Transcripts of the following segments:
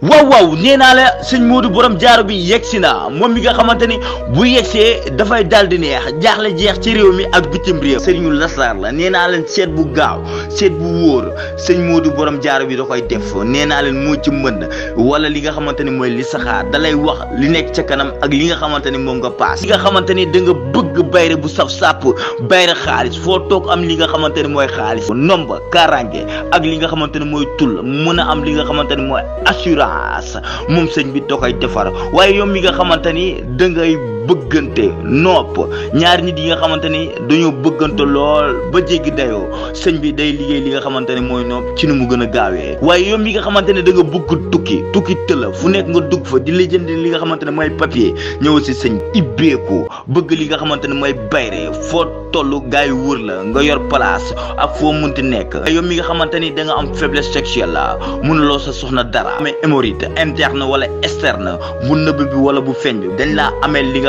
waaw waaw nee naa la sëñ Modou borom jaaro bi yegg si na moom li nga xamante ni bu yeggsee dafay daal di neex jaaxle jeex ci réew mi ak bitim réew sëriñu lasaar la nee naa leen seet bu gaaw seet bu wóor sëñ Modou borom jaaro bi da koy def nee naa leen moo ci mën wala li nga xamante ni mooy li saxaar da lay wax li nekk ca kanam ak li nga xamante ni moom nga paas li nga xamante ni da nga bëgg bayre bu saf sàpp bayre xaalis foo am li nga xamante ni mooy xaalis nomba karange ak li nga xamante ni mooy tul mën a am li nga xamante ni mooy assurance baas moom sëñ bi da ay defar waaye yow mi nga xamante ni dangay bëggante nopp ñaari nit yi nga xamante ni dañoo bëggante lool ba jéggi dayoo sëñ bi day liggéey li nga xamante ne mooy nopp ci nu mu gën a gaawee waaye yow mi nga xamante ne da nga bëgg tukki tukki tëla fu nekk nga dugg fa di la jënd li nga xamante ne mooy papier ñëw si sëñ ibbeeku bëgg li nga xamante ne mooy bayre foo tollu gaay yi wër nga yor place ak foo ti nekk yow mi nga xamante ni da nga am faiblesse sexuelle la mënuloo sa soxna dara amee hémorroïde interne wala externe bu nëbb bi wala bu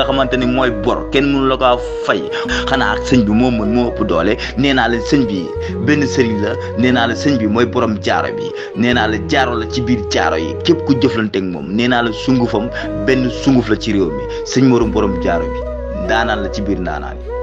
xamante ni mooy bor kenn mënu la kaa fay xanaa ak sëñ bi moom mën moo ëpp doole nee naa la sëñ bi benn sëriñ la nee naa la sëñ bi mooy borom jaaro bi nee naa la jaaro la ci biir jaaro yi képp ku jëflanteeg moom nee naa la sungufam benn sunguf la ci réew mi sëñ morom borom jaaro bi ndaanaan la ci biir ndaanaan yi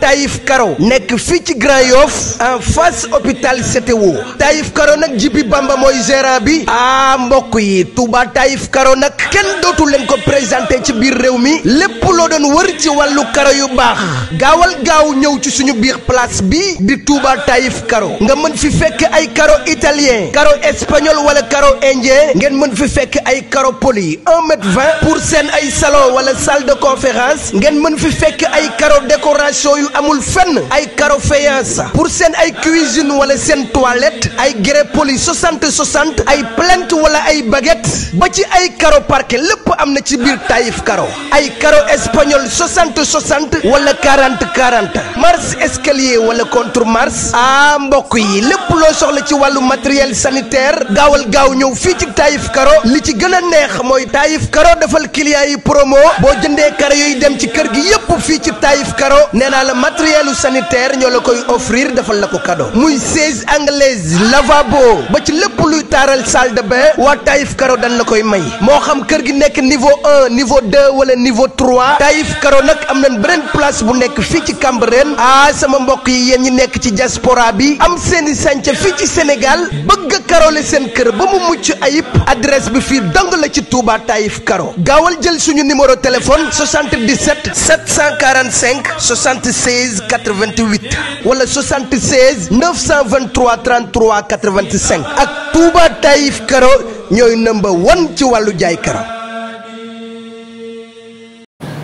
टाइफ करो ने nekk ci Grand Yoff en face hôpital CTO Taïf Karo nag Jibi Bamba mooy gérant bi ah mbokk yi Touba Taïf Karo nag kenn dootu leen ko présenté ci biir réew mi lépp loo doon wër ci wàllu karo yu baax gaawal gaaw ñëw ci suñu biir place bi di Touba Taïf Karo nga mën fi fekk ay karo italien karo espagnol wala karo indien ngeen mën fi fekk ay karo poli 1 mètre pour seen ay salon wala salde de ngeen mën fi fekk ay karo décoration yu amul fenn ay carofeyeuse pour seen ay cuisine wala seen toilette ay grès poli 60 60 ay plinthe wala ay baguette ba ci ay caro parquet lépp am na ci biir Taïf Caro ay caro espagnol 60 wala 40 40 marche escalier wala contre marche ah mbokk yi lépp loo soxla ci wàllu matériel sanitaire gaawal gaaw ñëw fii ci Taïf Caro li ci gën a neex mooy Taïf Caro defal clients yi promo boo jëndee caro yooyu dem ci kër gi yépp fii ci Taïf Caro nee naa la matérielu sanitaire. Air ñoo la koy offrir defal la ko cadeau muy 16 anglaise lavabo ba ci lépp luy taaral salle de bain waa Taïf Karo dañ la koy may moo xam kër gi nekk niveau niveau 2 wala niveau trois Taïf Karo nag am nañ beneen place bu nekk fii ci Cambérène ah sama mbokk yi yéen ñi nekk ci diaspora bi am seeni sànca fii ci Sénégal bëgg a karole seen kër ba mu mucc ayib adresse bi fii dong la ci Touba Taïf Karo gaawal jël suñu numéro téléphone 77 745 76 88. 88 wala 76 923 33 85 ak Touba Taïf Karo ñooy number one ci wàllu jaay karo.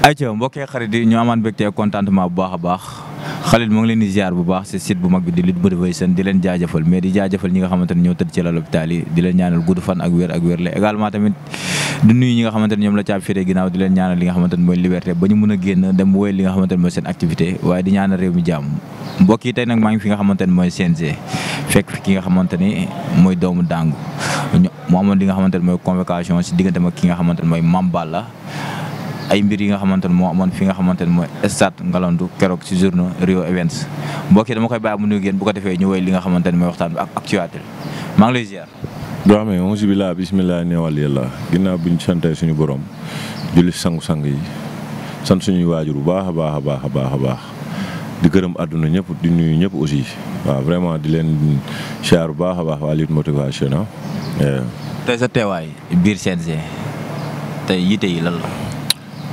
ayca mbokk xarit yi ñu amaan mbégte contentement bu baax a baax Khalid mu ngi leen di ziar bu baax si site bu mag bi di Lutte Motivation di leen jaajëfal mais di jaajëfal ñi nga xamante ne ñoo tëdd ci lal hôpital yi di leen ñaanal gudd fan ak wér ak wér la également tamit di nuyu ñi nga xamante ne ñoom la caab féetee ginnaaw di leen ñaanal li nga xamante mooy liberté ba ñu mën a génn dem wooyal li nga xamante ne mooy seen activité waaye di fekk ki nga xamante ni mooy doomu dàngu mu amoon li nga xamante mooy convocation si diggante ay mbir yi nga xamantene mo amone fi nga xamantene moy mooy stade Ngalandou keroog ci journée Rio Events mbokki dama koy baye mu nuyu ngeen bu ko defé ñu way li nga xamantene moy mooy waxtaan ak actuatel ma ngi lay ziar. Dramé onsi bi laa bismillah ni wal yalla bi ñu santé suñu borom julli sangu-sang yi sant suñu wajur bu baaxa baaxa baaxa baaxa baax di gërëm aduna ñëpp di nuyu ñëpp aussi wa vraiment di leen xaar bu baaxa baax wa lit motivation ah. tay sa teewaay biir CNG tay yite yi lan la.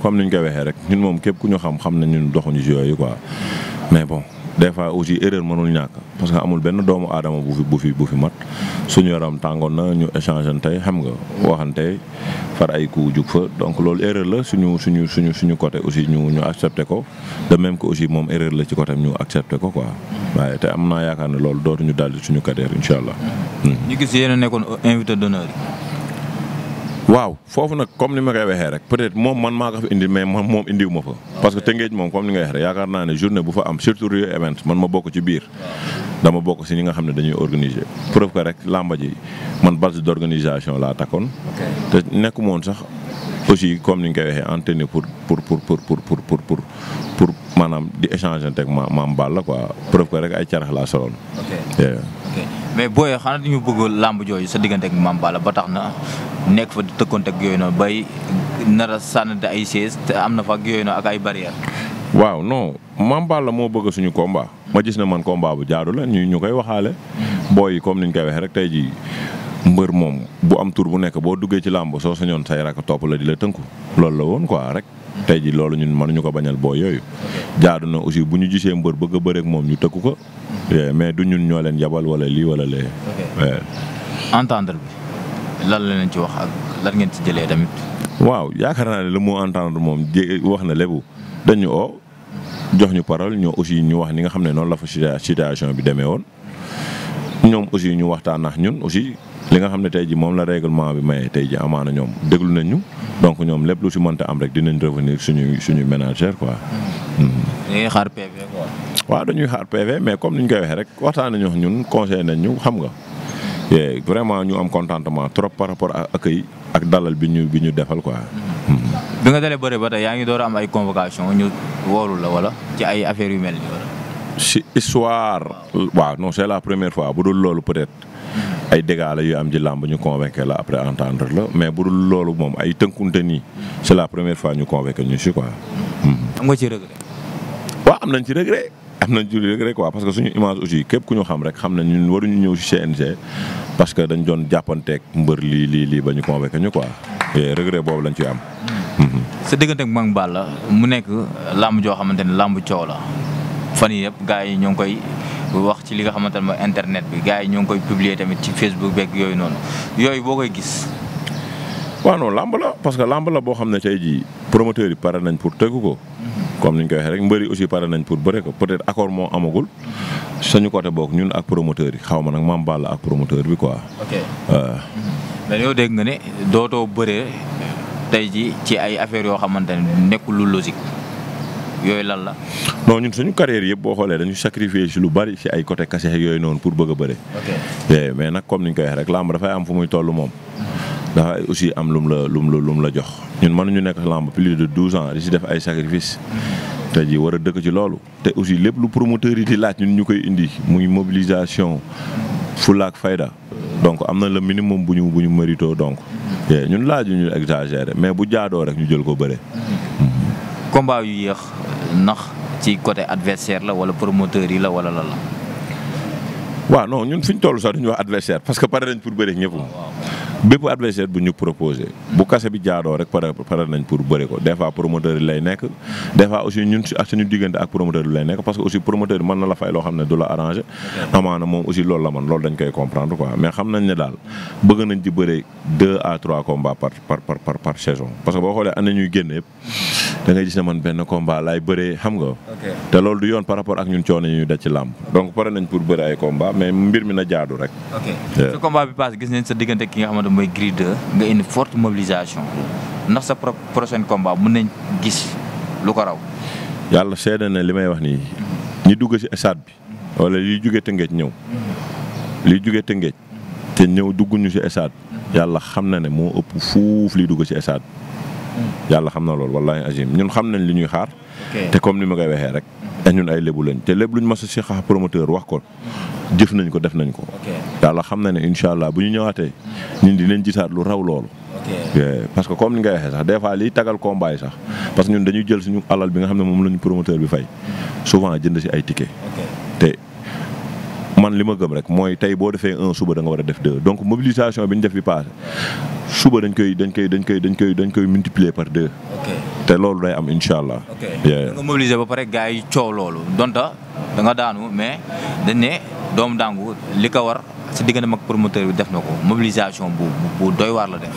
comme ni ñu koy waxee rek ñun moom képp ku ñu xam xam na ñun doxuñu si yooyu quoi mais bon des fois aussi erreur mënul ñàkk parce que amul benn doomu aadama bu fi bu fi bu fi mat suñu yaram tàngoon na ñu échanger tey xam nga waxante far ay ku jug fa donc loolu erreur la suñu suñu suñu suñu côté aussi ñu ñu accepté ko de même que aussi moom erreur la ci côté ñu accepté ko quoi waaye te am naa yaakaar ne loolu dootuñu daldi suñu carrière incha allah. Hmm. ñu gis yéen a nekkoon invité d'honneur waaw foofu nag comme ni ma koy waxee rek peut moom man maa ko fa indi mais man moom indiwu ma fa. parce que Tëngéej moom comme ni nga waxee rek yaakaar naa ne journée bu fa am surtout Rio man ma bokk ci biir. dama bokk si ñi nga xam ne dañuy organiser. preuve ko rek làmba ji man base d'organisation laa takkoon. te nekkuma woon sax aussi comme ni nga koy waxee antenne pour pour pour pour pour pour pour pour maanaam di échanger teg ma maam la quoi preuve ko rek ay carax laa soloon. ok mais booyee xanaa ñu bëgg làmb jooyu sa diggante ak Mame ba tax na nekk fa tëkkoon ak yooyu noonu bay nar a sànnante ay chaise te am na fa ak yooyu noonu ak ay barrière waaw non Mame la moo bëgg suñu combat ma gis na man combat bu jaadu la ñu ñu koy waxaale booy yi comme niñ koy waxee rek tey jii mbër moom bu am tur bu nekk boo duggee ci làmb soo sañoon say rak topp la di la tënku loolu la woon quoi rek tey ji loolu ñun mënuñu ko bañal boo yooyu jaadu na aussi bu ñu gisee mbër bëgg a bëreek moom ñu tëkku ko eh, mais du ñun ñoo leen yabal wala lii wala lee eh. entendre bi lan la leen ci wax ak lan ngeen ci jëlee tamit waaw yaakaar naa ne lu mu entendre moom wax na lébu dañu oo jox ñu parole ñoo aussi ñu wax ni nga xam ne noonu la fa situation bi demee woon ñoom aussi ñu waxtaan ak ñun aussi li nga xam ne tey ji moom la règlement bi maye tey ji amaana ñoom déglu nañ ñu donc ñoom lépp lu si mënta am rek dinañ revenir suñuy suñuy ménagère quoi. dañuy xaar PV quoi. waaw dañuy xaar PV mais comme ni ñu koy waxee rek waxtaan nañu ñun conseil nañ ñu xam nga. vraiment ñu am contentement trop par rapport ak accueil ak dalal bi ñu bi ñu defal quoi. bi nga dalee bëre ba tey yaa ngi door am ay convocation ñu woolu la wala ci ay affaires yu mel si histoire. waaw non c'est la première fois bu dul loolu peut-être ay dégâts la yu am ci làmb ñu convainqué la après entendre la mais bu dul loolu moom ay tënkunte nii c'est la première fois ñu convainqué ñu si quoi. am nga ci regret. am nañ ci regret. am nañ ci regret quoi parce que suñu image aussi képp ku ñu xam rek xam na ñu waruñu ñëw si CNG parce que dañ doon jàppanteeg mbër lii lii lii ba ñu convainqué ñu quoi regret boobu lañ ciy am. sa diggante ak Mame Balla mu nekk làmb joo xamante ne làmb coow la. fan yii yëpp gars yi ñoo ngi koy wax ci li nga xamante ne mooy internet bi gars yi ñoo ngi koy publier tamit ci Facebook beeg yooyu noonu yooyu boo koy gis. waaw non làmb la parce que làmb la boo xam ne tey jii promoteurs yi pare nañ pour tegu ko. comme ni ñu koy waxee rek mbëri aussi pare nañ pour bëre ko peut-être accord moo amagul. suñu côté bokk ñun ak promoteur yi xaw ma nag maam Balla ak promoteur bi quoi. ok euh. mais yow dégg nga ne dootoo bëree tey ji ci ay affaires yoo xamante ne nekkul yooyu lan la. non ñun suñu carrière yëpp boo xoolee dañu sacrifier si lu bari si ay côté kase yooyu noonu pour bëgg a bëre. Eh, mais nag comme ni ñu koy waxee rek làmb dafay am fu muy toll moom. dafay aussi am lum la lum la lum la jox ñun mënuñu nekk làmb plus de douze ans di ci def ay sacrifice te ji war a dëkk ci loolu. te aussi lépp lu promoteur yi laaj ñun ñu koy indi muy mobilisation fu fulaak fayda. donc am na le minimum bu ñu bu ñu mérito donc. Eh, ñun laaj ñu exagéré mais bu jaadoo rek ñu jël ko bëre. combat yéex ndax ci côté adversaire la wala promoteur yi la wala la la. waaw non ñun fi ñu toll sax duñu wax adversaire parce que pare nañ pour bëre ñëpp. bépp adversaire bu ñu proposé bu kase bi jaadoo rek pare nañ pour bëri ko des promoteur yi lay nekk des aussi ñun diggante ak promoteur bi lay nekk parce que aussi promoteur bi mën na la fay loo xam ne du la arrangé amaana moom aussi loolu la man loolu dañ koy comprendre quoi mais xam nañ ne daal bëgg nañ ci bëri deux à trois combats par par saison parce que boo xoolee année ñuy génn yëpp da gis ne man benn combat laay bëree xam nga te loolu du ne mooy Gris nga indi forte mobilisation ndax sa pro prochain combat mun nañ gis lu ko raw. yàlla seede na li may wax nii ñi dugg ci stade bi wala liy jugee Tëngéej ñëw liy jugee Tëngéej te ñëw dugguñu ci stade yàlla xam na ne moo ëpp fuuf liy dugg ci stade hmm. yàlla xam na loolu wallahi azim ñun xam nañ li ñuy xaar. te comme ni ma koy waxee rek. ñun ay lébu lañ te lépp luñ ñu a si xax promoteur wax ko jëf nañ ko def nañ ko. la xam na ne incha allah bu ñu ñëwaatee. ñun dinañ gisaat lu raw loolu. Eh, parce que comme ni nga waxee sax des fois liy tagal combat yi sax parce que ñun dañuy jël suñu alal bi nga xam ne moom lañu promoteur bi fay souvent jënd si ay ticket. man li gëm rek moy tay bo defee un suba da nga wara def deux donc mobilisation biñ def bi passé suba dañ koy dañ koy dañ koy dañ koy dañ koy multiplier par deux. té loolu day am inshallah ok nga mobiliser ba paré gaay ciow coow loolu donta da nga daanu mais dañ né dom dangu li war ci diggante mak promoteur bi def nako mobilisation bu bu doy war la def.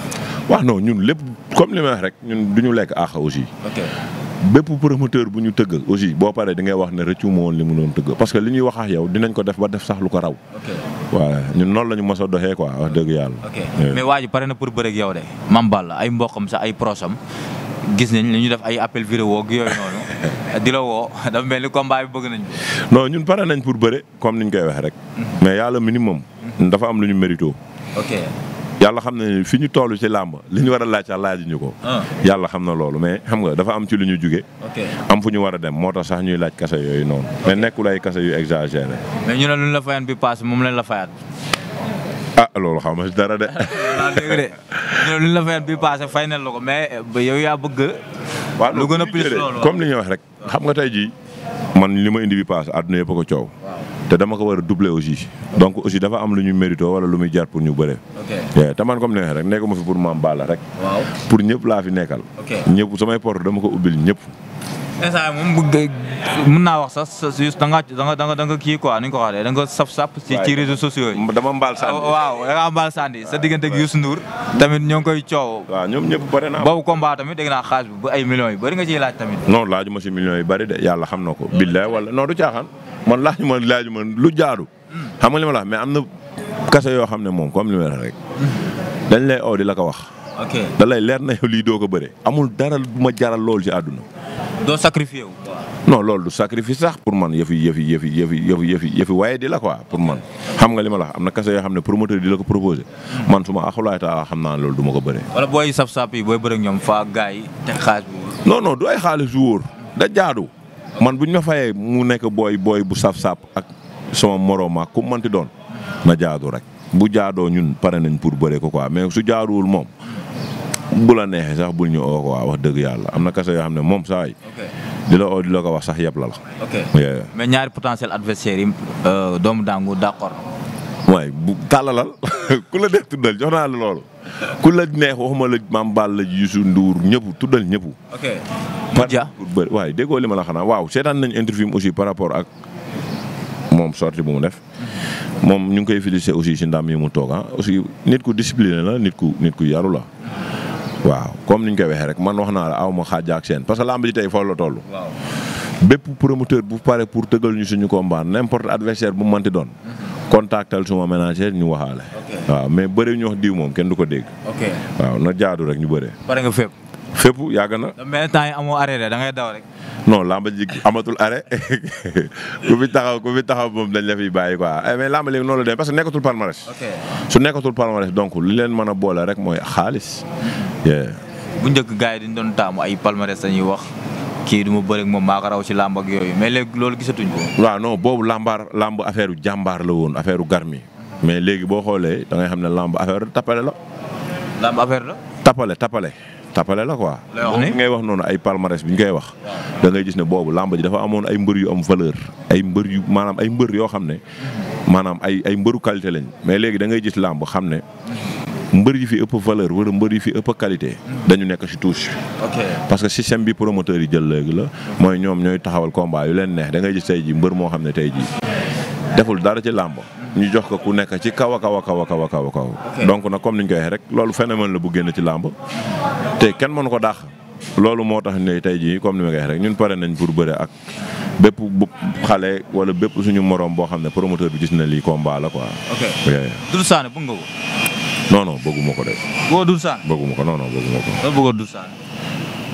wax non ñun lepp comme li wax rek ñun duñu ñu lekk aussi OK bépp promoteur bu ñu tëgg aussi boo paree di ngay wax ne rëccu ma woon li mu doon tëgg parce que li ñuy wax ak yow dinañ ko def ba def sax lu ko raw. waaw ñun noonu la ñu mos doxee ko wax dëgg yàlla. mais waa ji pare na pour bëreeg yow de. Mame Balla ay mboqam sax ay prosam gis nañ li ñu def ay appel vidéo ak yooyu noonu di la woo dafa mel ni combat bi bëgg nañ ko. ñun pare nañ pour bëre comme ñu koy waxee rek. Mhm. mais yàlla minimum. Mhm. dafa am lu ñu mérito. yàlla xam na ne fi ñu toll ci làmb li ñu war a laaj sax laajuñu ko. Ah. yàlla xam na loolu mais xam nga dafa am ci lu ñu jugee. am fu ñu war a dem moo tax sax ñuy laaj kase yooyu noonu. mais nekkul ay kase yu exagéré. mais ñu ne lu ñu la fayaat bi moom lañ la fayaat. ah loolu xaw ma si dara de. Ah, dégg de ñu ne lu ñu la paase fay na la ko mais yow yaa bëgg. lu gën a plus loolu comme li ñu wax rek xam nga tey jii man li ma indi bi paase àdduna yëpp ko coow. te dama ko war a doubler aussi donc aussi dafa am lu ñu mérito wala lu muy jar pour ñu bëre. ok te man comme neexee rek fi pour maam Balla rek. waaw pour laa fi nekkal. ñëpp samay porte dama ko ubbil ñëpp. naa wax sax juste da da da nga kii quoi ni ñu ko waxee da nga saf sap ci ci sociaux yi. dama mbaal sànni oh, waaw da nga mbaal sànni sa diggante ak Youssou Ndour. tamit ñoo ngi koy coow. waaw ñoom ñëpp bëri naa. boobu combat tamit dégg naa xaalis ay millions yu bëri nga ciy laaj tamit. non laajuma si millions yu bëri de yàlla xam na ko. Mm. billaay wala non du man laaju ma laaju ma lu jaadu. xam nga li ma mais am na kase yoo xam ne moom comme li ma la rek. dañ lay oo di la ko wax. da lay leer na yow lii doo ko bëre amul dara bu ma jaral loolu ci àdduna. doo sacrifié wu. non loolu du sax pour man yëfi yëfi yëfi yëfi yëfi yëfi yëfi waaye di la quoi pour man xam nga li la am na kase yoo xam ne promoteur di la ko proposé man su ma axulaay taa naa loolu du ko bëree. booy sap sap yi booy bëri ñoom faa gaay yi te xaalis bu wóor. wóor da jaadu. man bu ñu ma fayee mu nekk booy booy bu saf-sap ak suma moroom ak ku mënti doon na jaadu rek bu jaadoo ñun pare nañ pour bëre ko quoi mais su jaaduwul moom bu la neexee sax bul ñu oo quoi wax dëgg yàlla am na kese yoo xam ne moom saa yi. di la oo di la ko wax sax yëpp la la. ok mais ñaari potentiel adversaire yi euh, doomu daangu d'accord. waaye bu tàllalal ku la def tuddal jox naa la loolu ku la neex waxuma la maam Balla la Youssou Ndour ñëpp tuddal ñëpp. ok Modja par waaye déggoo li ma la xanaa waaw seetaan nañu interview aussi par rapport ak moom sorti bu mu def. moom ñu ngi koy félicité aussi si ndam yi mu toog ah aussi nit ku discipliné la nit ku nit ku yaru la. waaw comme ni ñu koy waxee rek man wax naa la aw ma xaajaa ak seen parce que lamb tey foofu la toll. bépp promoteur bu pare pour tëgal ñu suñu combat n'importe adversaire bu mu doon. contactal suma ménager ñu waxale waaw mais bëré ñu wax diw mom kenn duko dégg ok waaw na jaadu rek ñu bëré bari nga fépp. fépp yàgg na. mais temps amo arrêté da ngay daw rek. non lamba ji amatul arrêté ku fi taxaw ku fi taxaw mom dañ la fi bayyi quoi eh, mais lamba léegi non la dé parce que nekatul palmarès. su nekatul palmarès donc li leen mëna bolé rek rek mooy yeah bu njëkk gaay di ñu don taamu ay palmarès dañuy wax. kii du ma bëreeg moom maa ko raw ci làmb ak yooyu mais léegi loolu gisatuñ ko. boobu làmbaar làmb affaire jàmbaar la woon affaire garmi mais léegi boo xoolee dangay xam ne làmb affaire tapale la. affaire la. tapale tapale tapale la ko ngay wax noonu ay palmarès bi ñu koy wax. da ngay gis ne boobu làmb ji dafa amoon ay mbër yu am valeur ay mbër yu maanaam ay mbër yoo xam ne maanaam ay ay mbëru qualité lañ mais léegi da ngay gis làmb xam ne. mbër yi fi ëpp valeur wala mbër yi fi ëpp qualité. dañu nekk si touche ok parce que système bi promoteur yi jël léegi la. mooy ñoom ñooy taxawal combat yu leen neex dangay ngay gis tey ji mbër moo xam ne tey ji deful dara ci làmb. ñu jox ko ku nekk ci kaw a kaw a kaw a kaw a kaw nag comme ni ñu koy rek loolu phénomène la bu génn ci làmb. te kenn mënu ko dàq. loolu moo tax ne tey jii comme ni ma koy waxee rek ñun pare nañ pour bëre ak bépp bu xale wala bépp suñu morom boo xam ne promoteur bi gis na lii combat la quoi. ok Doudou nga ko. non non bëgguma ko de. bëggoo Doudou Sané bëgguma ko non non bëgguma ko. loolu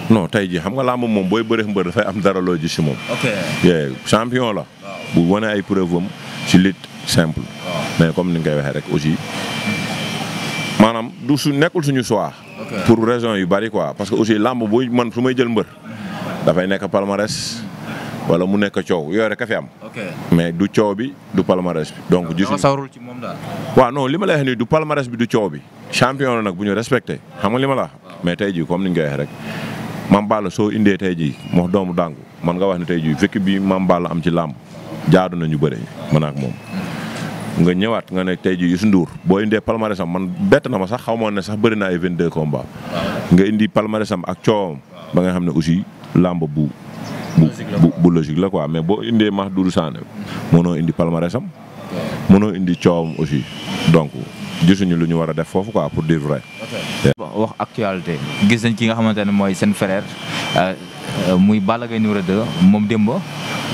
bëggoo tey jii xam nga làmb moom booy bëree mbër dafay am dara loo gis si moom. ok champion la. bu wane ay preuve am ci lutte simple. mais comme ni nga koy waxee rek aussi maanaam du su nekkul suñu choix. pour raison yu bari quoi parce que aussi làmb booy man su may jël mbër. dafay nekk palmarès. wala mu coow yooyu rek a fi am. mais du coow bi du palmarès bi. donc gis nga sawarul ci moom daal. waaw non lay wax nii du palmarès bi du coow bi champion la nag bu ñu respecté xam nga li ma la wax. tey jii comme ni nga ko waxee rek. Mame Balla soo indee tey jii moo doomu dàngu man nga wax ne tey jii fekk bi Mame Balla am ci làmb jaadu nañu bëre man ak moom. nga ñëwaat nga ne tey jii Youssou Ndour boo indee palmarèsam man bett na ma sax xaw ma ne sax bëri na ay 22 combats. nga indi palmarèsam ak coowam. ba nga xam ne aussi làmb bu bu logique la quoi mais boo indee Mahdou Sané mono indi palmarès am mënoo indi coowam aussi donc gisuñu luñu wara def fofu quoi pour dire vrai. wax actualité gis nañ ki nga xamantene moy sen frère euh, euh muy Balla Gaye numéro 2 mom dembo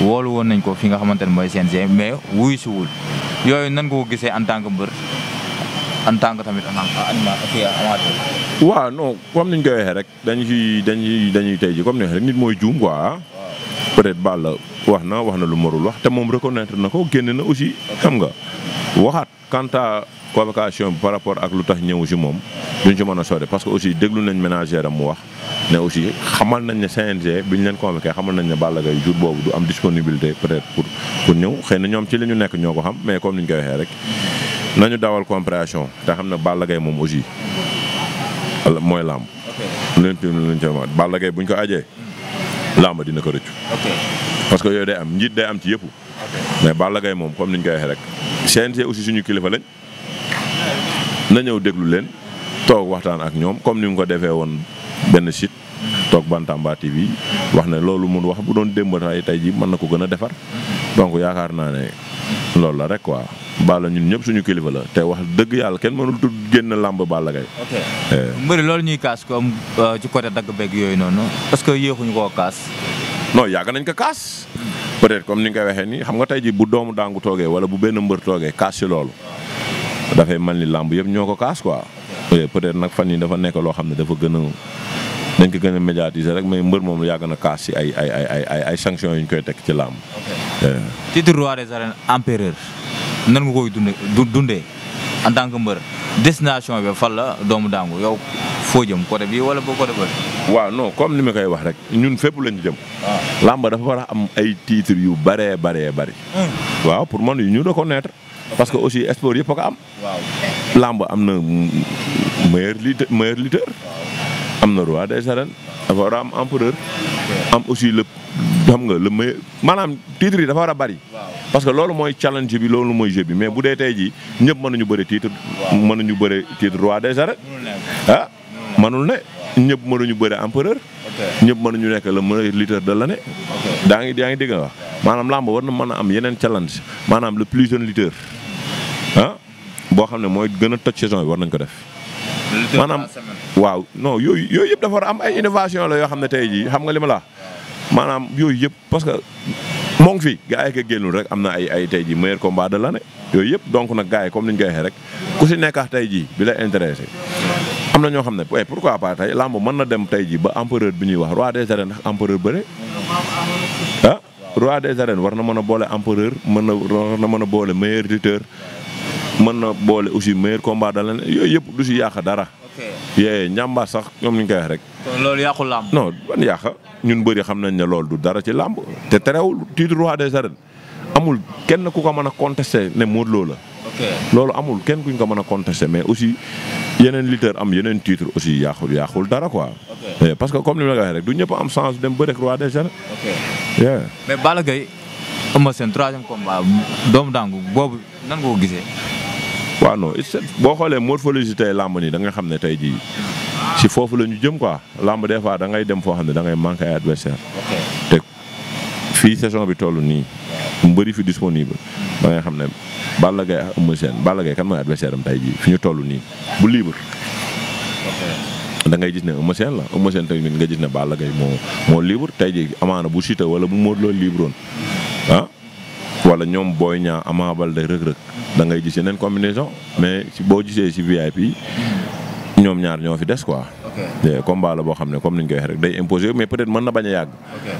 wolu won nañ ko fi nga xamantene moy sen CNG mais wuyu ci wul yoy nan nga ko gisee en tant que mbër en tant que tamit en tant amateur. wa non comme niñ koy wax rek dañu ciy dañuy dañuy tey ji comme ni rek nit moy juum quoi. peut-être la wax na wax na lu marul wax te moom reconnaître na ko génn na aussi xam nga waxaat kanta à bu bi par rapport ak lu tax ñëwu si moom duñ si mën a sori parce que aussi déglu nañ ménagère am mu wax ne aussi xamal nañ ne CNG bi ñu leen convoqué xamal nañ ne Balla Gaye jour boobu du am disponibilité peut-être pour pour ñëw xëy na ñoom ci li ñu nekk ñoo ko xam mais comme ni ñu koy waxee rek nañu dawal compréhension te xam ne Balla Gaye moom aussi mooy làmb. ok lu buñ ko ajee làmb dina ko rëccu. parce que yooyu day am njiit day am ci yëpp. mais Balla Gaye moom comme ni ñu koy waxee rek. CNG aussi suñu kilifa lañ na ñëw déglu leen toog waxtaan ak ñoom comme ni mu ko defee woon benn site. toog Bantamba bi wax ne loolu mun wax bu doon démb tay tey jii mën na ko gën a defar mm-hmm. donc yaakaar naa ne. loolu la rek quoi Balla ñun ñëpp suñu kilifa la te wax dëgg yàlla kenn mënul tudd génn làmb Balla Gaye. Eh. mbëri loolu ñuy kaas comme euh, ci côté dagg beeg yooyu noonu parce que yéexuñu ko kaas. non yàgg nañ ko kaas. peut-être comme ni nga koy waxee nii xam nga tey ji bu doomu daangu toogee wala bu benn mbër toogee kaas ci loolu. dafay mel ni làmb yëpp ñoo ko kaas quoi. Eh, peut-être nag fan yi dafa nekk loo xam ne dafa gën a dañ ko gën a médiatiser rek mais mbër moom yàgg na kaas si ay ay ay ay yu ñu koy teg ci làmb. titre roi des arènes empereur nan nga koy dundee en tant que mbër destination bi fan la doomu daangu yow foo jëm côté bi wala boo côté bëri. waaw non comme ni ma koy wax rek ñun fépp lañ jëm. waaw ah. làmb dafa war a am ay titres yu bëree bëree bëri. Hmm. waaw pour man yu ñu reconnaître parce que aussi sport yëpp a ko am. waaw làmb am na meilleur lutteur meilleur am na roi des arènes dafa war a am empereur am aussi le xam nga le meilleur maanaam titre yi dafa war a bari. parce que loolu mooy challenge bi loolu mooy jeu bi mais bu dee tey jii ñëpp mënuñu bëri titre. mënuñu bëri titre roi des arènes. ah manul ne ñëpp mënuñu bëri empereur. ñëpp mënuñu nekk le meilleur lutteur de l'année. daa ngi daa ngi dégg nga wax maanaam làmb war na mën a am yeneen challenge maanaam le plus jeune lutteur ah boo xam ne mooy gën a toj saison bi war nañ ko def. maanaam waaw non yooyu yooyu yëpp dafa war am ay innovation la yoo xam ne tey jii xam nga li ma la maanaam yooyu yëpp parce que moo ngi fi gars yi ko génnul rek am na ay ay tey jii meilleur combat de l'année yooyu yëpp donc nag gars yi comme ni ñu koy waxee rek ku si nekkax tey jii bi la intéressé am na ñoo xam ne eh, pourquoi pas tey lamb mën na dem tey jii ba empereur bi ñuy wax roi des arènes ndax empereur bëre ah roi des arènes war na mën a boole empereur mën na war na mën a boole meilleur lutteur mën na boole aussi meilleur combat da leen yooyu yëpp du si yàq dara. ok njàmbaar sax ñoom ñu ngi koy wax rek. kon loolu yàqul làmb. non ban yàq ñun bëri xam nañ ne loolu du dara ci làmb te terewul titre roi des arènes amul kenn ku ko mën a contesté ne Modou Lo la. loolu amul kenn ku ñu ko mën a contesté mais aussi yeneen lutteurs am yeneen titre aussi yàqu yàqul dara quoi. parce que comme ni ma la waxee rek du ñëpp am chance dem bëri ak roi des arènes. ok mais Balla Gaye na seen troisième combat doomu daangu boobu nan gisee. waaw non it boo xoolee morphologie tey làmb nii da nga xam ne tey jii si foofu la ñu jëm quoi làmb des fois da ngay dem foo xam ne dangay ngay manqué ay adversaire te fii saison bi toll nii mu bëri fi disponible da ngay xam ne Balla Gaye ak Eumeu Sène Balla kan mooy adversaire am tay jii fi ñu toll nii bu libre da ngay gis ne Eumeu Sène la Eumeu Sène tamit nga gis ne Balla Gaye moo moo libre tey ji amaana bu Siteu wala bu Modou Lo libre ah, wala ñoom Boy Niang Ama Baldé Reug Reug da ngay gis yeneen combinaison mais boo gisee si VIP ñoom ñaar ñoo fi des quoi. ok combat la boo xam ne comme ni ñu koy waxee rek day imposer mais peut être mën na bañ a yàgg.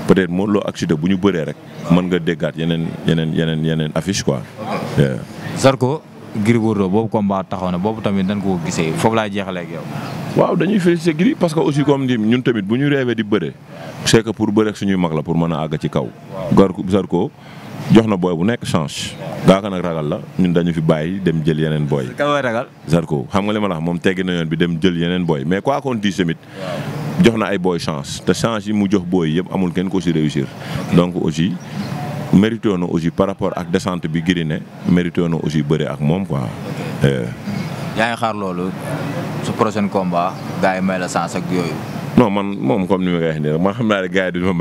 peut être Modou Lo ak Siteu bu ñu bëree rek. mën nga déggaat yeneen yeneen yeneen yeneen affiche quoi. Zarko Gris Bordeaux boobu taxaw na boobu tamit dañ ko gisee foofu laay jeexalee ak yow. waaw dañuy félicité Gris parce que aussi comme ni ñun tamit bu ñu réewee di bëre c'est que pour bëre ak suñuy mag la pour mën a àgg ci kaw. Zarko jox na booy bu nekk chance. gaaka nag ragal la ñun dañu fi bàyyi dem jël yeneen boy kan mooy ragal. Zarko xam nga li ma la wax moom teggi na yoon bi dem jël yeneen boy mais quoi qu'on dise tamit. jox na ay boy chance te change yi mu jox boy yëpp amul kenn ko si réussir. donc aussi mérité na aussi par rapport ak descente bi giri ne mérité na aussi bëre ak moom quoi. Euh. yaa ngi xaar loolu su prochaine combat gars yi may la chance ak yooyu. non man moom comme ni ma koy waxee nii rek man xam naa ne gars yi duñu ma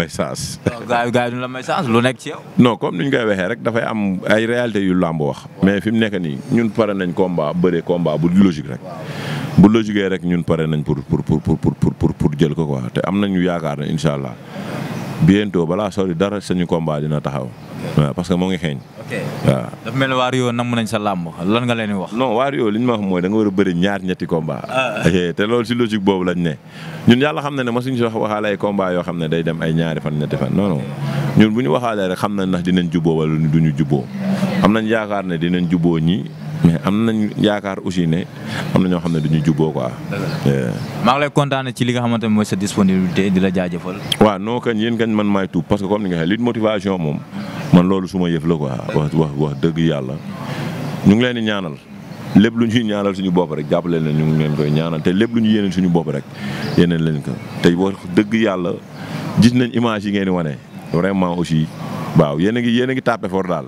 may chance. waaw lu nekk ci yow. non comme ni ñu koy waxee rek dafay am ay réalité yu làmb wax. mais fi mu nekk nii ñun pare nañ combat bëree combat bu logique rek. bu logique rek ñun pare nañ pour pour pour pour pour jël ko quoi te am nañu yaakaar ne incha allah bientôt balaa sori dara sañu combat dina taxaw. waaw parce que moo ngi xeeñ. ok waaw. dafa mel ne waa Rio namm nañ sa làmb lan nga leen di wax. non waar Rio li ñu ma wax mooy danga war a bëri ñaar ñetti combat ah. te loolu si logique boobu lañ ne ñun yàlla xam na ne masuñu si wax waxaale ay combat yoo xam ne day dem ay ñaari fan ñetti fan non non ñun bu ñu waxaalee rek xam nañ ndax dinañ juboo wala du ñu juboo am nañ yaakaar ne dinañ juboo ñii mais am nañ yaakaar aussi ne am na ñoo xam ne du ñu juboo quoi. maa ngi ci li nga xamante ne mooy sa disponibilité di la jaajëfal. waaw non kañ yéen kañ man maay parce que comme moom man loolu su ma yëf la quoi wax wax wax dëgg yàlla ñu ngi leen di ñaanal lépp lu ñuy ñaanal suñu bopp rek jàppale leen ñu ngeen koy ñaanal te lépp lu ñu yéneen suñu bopp rek yéneen leen ko te wax dëgg yàlla gis nañ image yi ngeen di wane vraiment aussi waaw yéen a ngi yéen a ngi tapé fort daal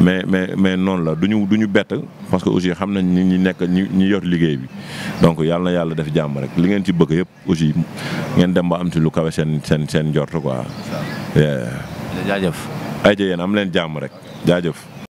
mais mais mais noonu la du ñu du ñu bett parce que aussi xam nañ ñi ñi nekk ñu ñi yor liggéey bi donc yàlla yàlla def jàmm rek li ngeen ci bëgg yëpp aussi ngeen dem ba am ci lu kawe seen seen seen njort quoi. jaajëf. ay jë yéen am leen jàmm rek jaajëf